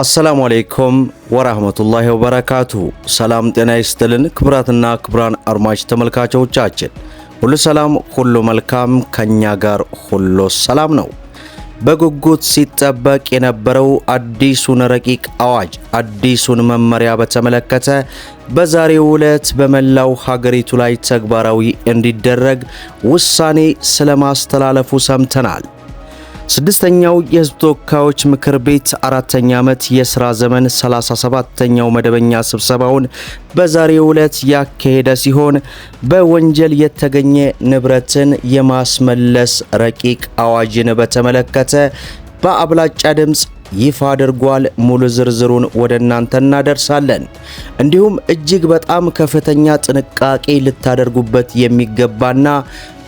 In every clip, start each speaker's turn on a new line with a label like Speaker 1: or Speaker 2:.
Speaker 1: አሰላሙ አሌይኩም ወራህመቱላሂ ወበረካቱሁ። ሰላም ጤና ይስጥልን። ክብራትና ክብራን አድማጭ ተመልካቾቻችን ሁሉ ሰላም፣ ሁሉ መልካም፣ ከኛ ጋር ሁሉ ሰላም ነው። በጉጉት ሲጠበቅ የነበረው አዲሱን ረቂቅ አዋጅ አዲሱን መመሪያ በተመለከተ በዛሬው ዕለት በመላው ሀገሪቱ ላይ ተግባራዊ እንዲደረግ ውሳኔ ስለማስተላለፉ ሰምተናል። ስድስተኛው የህዝብ ተወካዮች ምክር ቤት አራተኛ ዓመት የሥራ ዘመን 37ተኛው መደበኛ ስብሰባውን በዛሬው ዕለት ያካሄደ ሲሆን በወንጀል የተገኘ ንብረትን የማስመለስ ረቂቅ አዋጅን በተመለከተ በአብላጫ ድምፅ ይፋ አድርጓል። ሙሉ ዝርዝሩን ወደ እናንተ እናደርሳለን። እንዲሁም እጅግ በጣም ከፍተኛ ጥንቃቄ ልታደርጉበት የሚገባና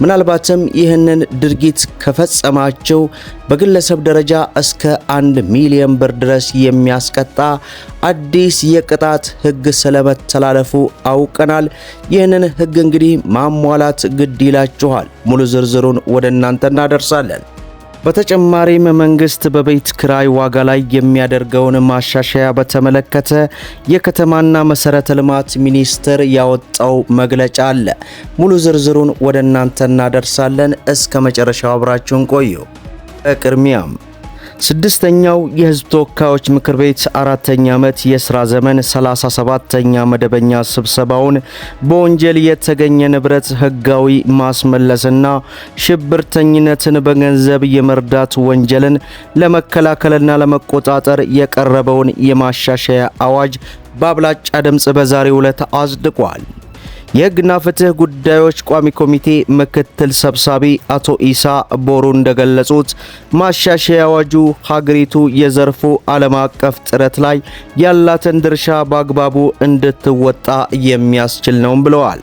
Speaker 1: ምናልባትም ይህንን ድርጊት ከፈጸማቸው በግለሰብ ደረጃ እስከ አንድ ሚሊዮን ብር ድረስ የሚያስቀጣ አዲስ የቅጣት ሕግ ስለመተላለፉ አውቀናል። ይህንን ሕግ እንግዲህ ማሟላት ግድ ይላችኋል። ሙሉ ዝርዝሩን ወደ እናንተ እናደርሳለን። በተጨማሪም መንግስት በቤት ክራይ ዋጋ ላይ የሚያደርገውን ማሻሻያ በተመለከተ የከተማና መሰረተ ልማት ሚኒስቴር ያወጣው መግለጫ አለ። ሙሉ ዝርዝሩን ወደ እናንተ እናደርሳለን። እስከ መጨረሻው አብራችሁን ቆዩ። በቅድሚያም ስድስተኛው የህዝብ ተወካዮች ምክር ቤት አራተኛ ዓመት የስራ ዘመን 37ተኛ መደበኛ ስብሰባውን በወንጀል የተገኘ ንብረት ህጋዊ ማስመለስና ሽብርተኝነትን በገንዘብ የመርዳት ወንጀልን ለመከላከልና ለመቆጣጠር የቀረበውን የማሻሻያ አዋጅ በአብላጫ ድምፅ በዛሬው ዕለት አጽድቋል። የህግና ፍትህ ጉዳዮች ቋሚ ኮሚቴ ምክትል ሰብሳቢ አቶ ኢሳ ቦሩ እንደገለጹት ማሻሻያ አዋጁ ሀገሪቱ የዘርፉ ዓለም አቀፍ ጥረት ላይ ያላትን ድርሻ በአግባቡ እንድትወጣ የሚያስችል ነውም ብለዋል።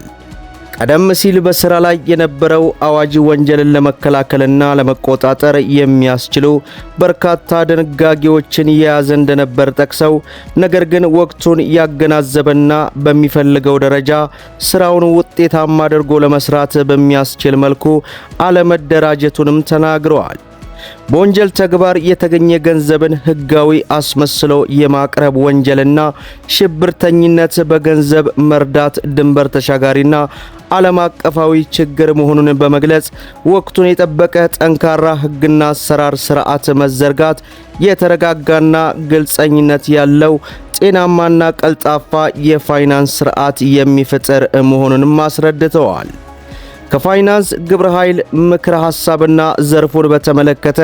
Speaker 1: ቀደም ሲል በስራ ላይ የነበረው አዋጅ ወንጀልን ለመከላከልና ለመቆጣጠር የሚያስችሉ በርካታ ድንጋጌዎችን የያዘ እንደነበር ጠቅሰው ነገር ግን ወቅቱን ያገናዘበና በሚፈልገው ደረጃ ስራውን ውጤታማ አድርጎ ለመስራት በሚያስችል መልኩ አለመደራጀቱንም ተናግረዋል። በወንጀል ተግባር የተገኘ ገንዘብን ሕጋዊ አስመስሎ የማቅረብ ወንጀልና ሽብርተኝነት፣ በገንዘብ መርዳት ድንበር ተሻጋሪና ዓለም አቀፋዊ ችግር መሆኑን በመግለጽ ወቅቱን የጠበቀ ጠንካራ ሕግና አሰራር ስርዓት መዘርጋት የተረጋጋና ግልጸኝነት ያለው ጤናማና ቀልጣፋ የፋይናንስ ስርዓት የሚፈጠር መሆኑንም አስረድተዋል። ከፋይናንስ ግብረ ኃይል ምክረ ሐሳብና ዘርፉን በተመለከተ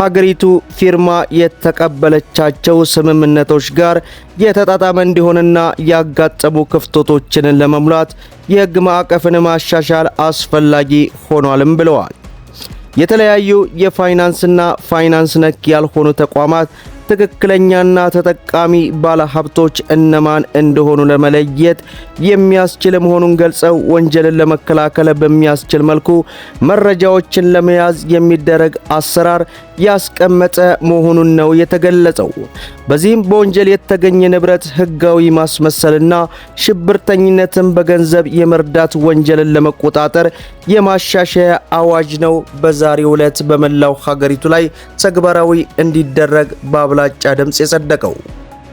Speaker 1: ሀገሪቱ ፊርማ የተቀበለቻቸው ስምምነቶች ጋር የተጣጣመ እንዲሆንና ያጋጠሙ ክፍተቶችን ለመሙላት የሕግ ማዕቀፍን ማሻሻል አስፈላጊ ሆኗልም ብለዋል። የተለያዩ የፋይናንስና ፋይናንስ ነክ ያልሆኑ ተቋማት ትክክለኛና ተጠቃሚ ባለሀብቶች እነማን እንደሆኑ ለመለየት የሚያስችል መሆኑን ገልጸው ወንጀልን ለመከላከል በሚያስችል መልኩ መረጃዎችን ለመያዝ የሚደረግ አሰራር ያስቀመጠ መሆኑን ነው የተገለጸው። በዚህም በወንጀል የተገኘ ንብረት ህጋዊ ማስመሰልና ሽብርተኝነትን በገንዘብ የመርዳት ወንጀልን ለመቆጣጠር የማሻሻያ አዋጅ ነው በዛሬው ዕለት በመላው ሀገሪቱ ላይ ተግባራዊ እንዲደረግ ባብላ አብላጫ ድምፅ የጸደቀው።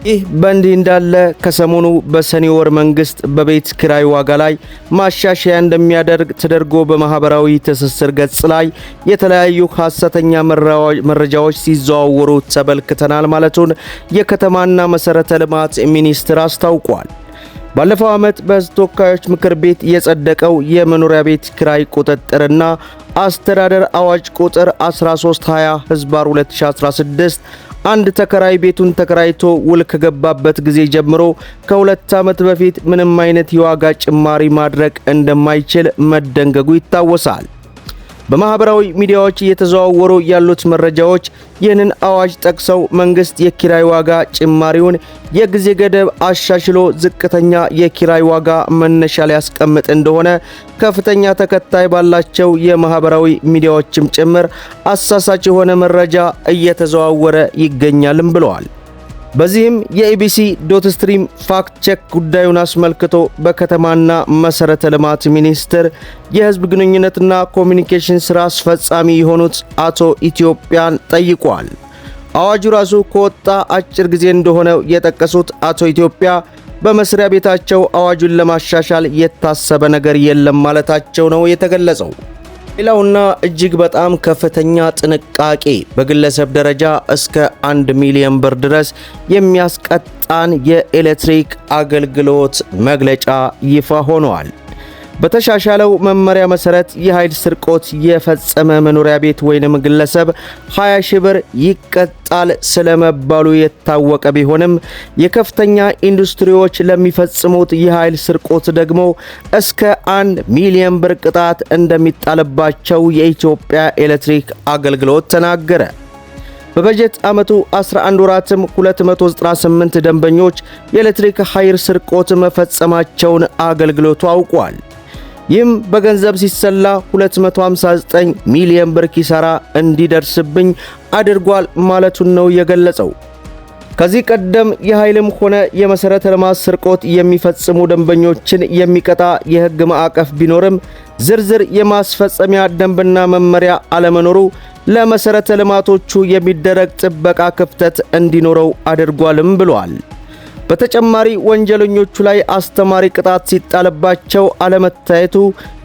Speaker 1: ይህ በእንዲህ እንዳለ ከሰሞኑ በሰኔ ወር መንግስት በቤት ክራይ ዋጋ ላይ ማሻሻያ እንደሚያደርግ ተደርጎ በማህበራዊ ትስስር ገጽ ላይ የተለያዩ ሐሰተኛ መረጃዎች ሲዘዋወሩ ተመልክተናል ማለቱን የከተማና መሠረተ ልማት ሚኒስቴር አስታውቋል። ባለፈው ዓመት በሕዝብ ተወካዮች ምክር ቤት የጸደቀው የመኖሪያ ቤት ክራይ ቁጥጥርና አስተዳደር አዋጅ ቁጥር 1320 ህዝባር 2016 አንድ ተከራይ ቤቱን ተከራይቶ ውል ከገባበት ጊዜ ጀምሮ ከሁለት ዓመት በፊት ምንም አይነት የዋጋ ጭማሪ ማድረግ እንደማይችል መደንገጉ ይታወሳል። በማህበራዊ ሚዲያዎች እየተዘዋወሩ ያሉት መረጃዎች ይህንን አዋጅ ጠቅሰው መንግስት የኪራይ ዋጋ ጭማሪውን የጊዜ ገደብ አሻሽሎ ዝቅተኛ የኪራይ ዋጋ መነሻ ሊያስቀምጥ እንደሆነ ከፍተኛ ተከታይ ባላቸው የማህበራዊ ሚዲያዎችም ጭምር አሳሳች የሆነ መረጃ እየተዘዋወረ ይገኛልም ብለዋል። በዚህም የኢቢሲ ዶት ስትሪም ፋክት ቼክ ጉዳዩን አስመልክቶ በከተማና መሰረተ ልማት ሚኒስቴር የህዝብ ግንኙነትና ኮሚኒኬሽን ሥራ አስፈጻሚ የሆኑት አቶ ኢትዮጵያን ጠይቋል። አዋጁ ራሱ ከወጣ አጭር ጊዜ እንደሆነ የጠቀሱት አቶ ኢትዮጵያ በመስሪያ ቤታቸው አዋጁን ለማሻሻል የታሰበ ነገር የለም ማለታቸው ነው የተገለጸው። ሌላውና እጅግ በጣም ከፍተኛ ጥንቃቄ በግለሰብ ደረጃ እስከ 1 ሚሊዮን ብር ድረስ የሚያስቀጣን የኤሌክትሪክ አገልግሎት መግለጫ ይፋ ሆኗል። በተሻሻለው መመሪያ መሰረት የኃይል ስርቆት የፈጸመ መኖሪያ ቤት ወይንም ግለሰብ 20 ሺህ ብር ይቀጣል ስለመባሉ የታወቀ ቢሆንም የከፍተኛ ኢንዱስትሪዎች ለሚፈጽሙት የኃይል ስርቆት ደግሞ እስከ 1 ሚሊዮን ብር ቅጣት እንደሚጣልባቸው የኢትዮጵያ ኤሌክትሪክ አገልግሎት ተናገረ። በበጀት ዓመቱ 11 ወራትም 298 ደንበኞች የኤሌክትሪክ ኃይል ስርቆት መፈጸማቸውን አገልግሎቱ አውቋል። ይህም በገንዘብ ሲሰላ 259 ሚሊዮን ብር ኪሳራ እንዲደርስብኝ አድርጓል ማለቱን ነው የገለጸው። ከዚህ ቀደም የኃይልም ሆነ የመሠረተ ልማት ስርቆት የሚፈጽሙ ደንበኞችን የሚቀጣ የሕግ ማዕቀፍ ቢኖርም ዝርዝር የማስፈጸሚያ ደንብና መመሪያ አለመኖሩ ለመሠረተ ልማቶቹ የሚደረግ ጥበቃ ክፍተት እንዲኖረው አድርጓልም ብሏል። በተጨማሪ ወንጀለኞቹ ላይ አስተማሪ ቅጣት ሲጣልባቸው አለመታየቱ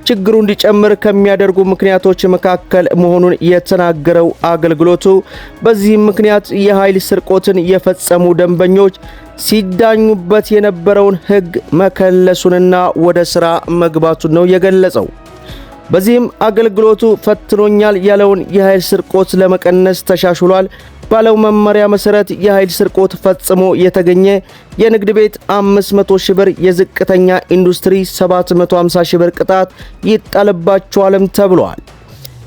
Speaker 1: ችግሩ እንዲጨምር ከሚያደርጉ ምክንያቶች መካከል መሆኑን የተናገረው አገልግሎቱ በዚህም ምክንያት የኃይል ስርቆትን የፈጸሙ ደንበኞች ሲዳኙበት የነበረውን ሕግ መከለሱንና ወደ ሥራ መግባቱን ነው የገለጸው። በዚህም አገልግሎቱ ፈትኖኛል ያለውን የኃይል ስርቆት ለመቀነስ ተሻሽሏል ባለው መመሪያ መሰረት የኃይል ስርቆት ፈጽሞ የተገኘ የንግድ ቤት 500 ሺህ ብር፣ የዝቅተኛ ኢንዱስትሪ 750 ሺህ ብር ቅጣት ይጣልባቸዋልም ተብሏል።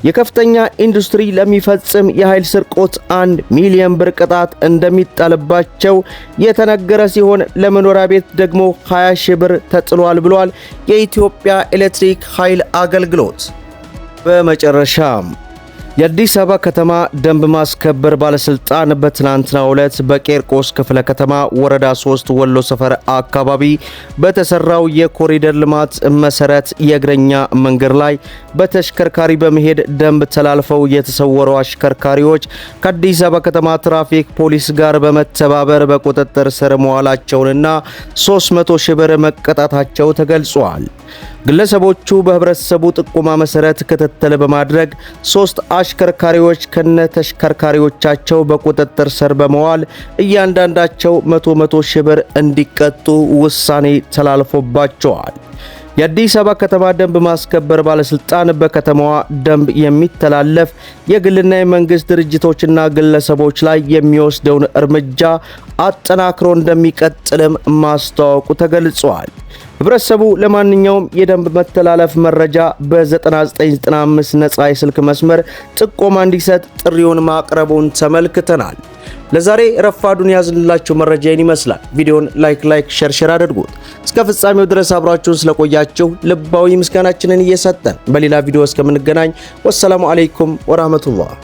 Speaker 1: የከፍተኛ ኢንዱስትሪ ለሚፈጽም የኃይል ስርቆት አንድ ሚሊዮን ብር ቅጣት እንደሚጣልባቸው የተነገረ ሲሆን ለመኖሪያ ቤት ደግሞ 20 ሺህ ብር ተጥሏል ብሏል የኢትዮጵያ ኤሌክትሪክ ኃይል አገልግሎት። በመጨረሻም የአዲስ አበባ ከተማ ደንብ ማስከበር ባለስልጣን በትናንትናው ዕለት በቄርቆስ ክፍለ ከተማ ወረዳ 3 ወሎ ሰፈር አካባቢ በተሰራው የኮሪደር ልማት መሰረት የእግረኛ መንገድ ላይ በተሽከርካሪ በመሄድ ደንብ ተላልፈው የተሰወሩ አሽከርካሪዎች ከአዲስ አበባ ከተማ ትራፊክ ፖሊስ ጋር በመተባበር በቁጥጥር ስር መዋላቸውንና 300 ሺህ ብር መቀጣታቸው ተገልጿል። ግለሰቦቹ በህብረተሰቡ ጥቆማ መሰረት ክትትል በማድረግ ሶስት አሽከርካሪዎች ከነ ተሽከርካሪዎቻቸው በቁጥጥር ስር በመዋል እያንዳንዳቸው መቶ መቶ ሺህ ብር እንዲቀጡ ውሳኔ ተላልፎባቸዋል። የአዲስ አበባ ከተማ ደንብ ማስከበር ባለስልጣን በከተማዋ ደንብ የሚተላለፍ የግልና የመንግስት ድርጅቶችና ግለሰቦች ላይ የሚወስደውን እርምጃ አጠናክሮ እንደሚቀጥልም ማስታወቁ ተገልጿል። ህብረተሰቡ ለማንኛውም የደንብ መተላለፍ መረጃ በ9995 ነጻ የስልክ መስመር ጥቆማ እንዲሰጥ ጥሪውን ማቅረቡን ተመልክተናል። ለዛሬ ረፋዱን ያዝንላችሁ መረጃ ይህን ይመስላል። ቪዲዮን ላይክ ላይክ ሸርሸር አድርጉት። እስከ ፍጻሜው ድረስ አብራችሁን ስለቆያችሁ ልባዊ ምስጋናችንን እየሰጠን በሌላ ቪዲዮ እስከምንገናኝ ወሰላሙ አሌይኩም ወራህመቱላህ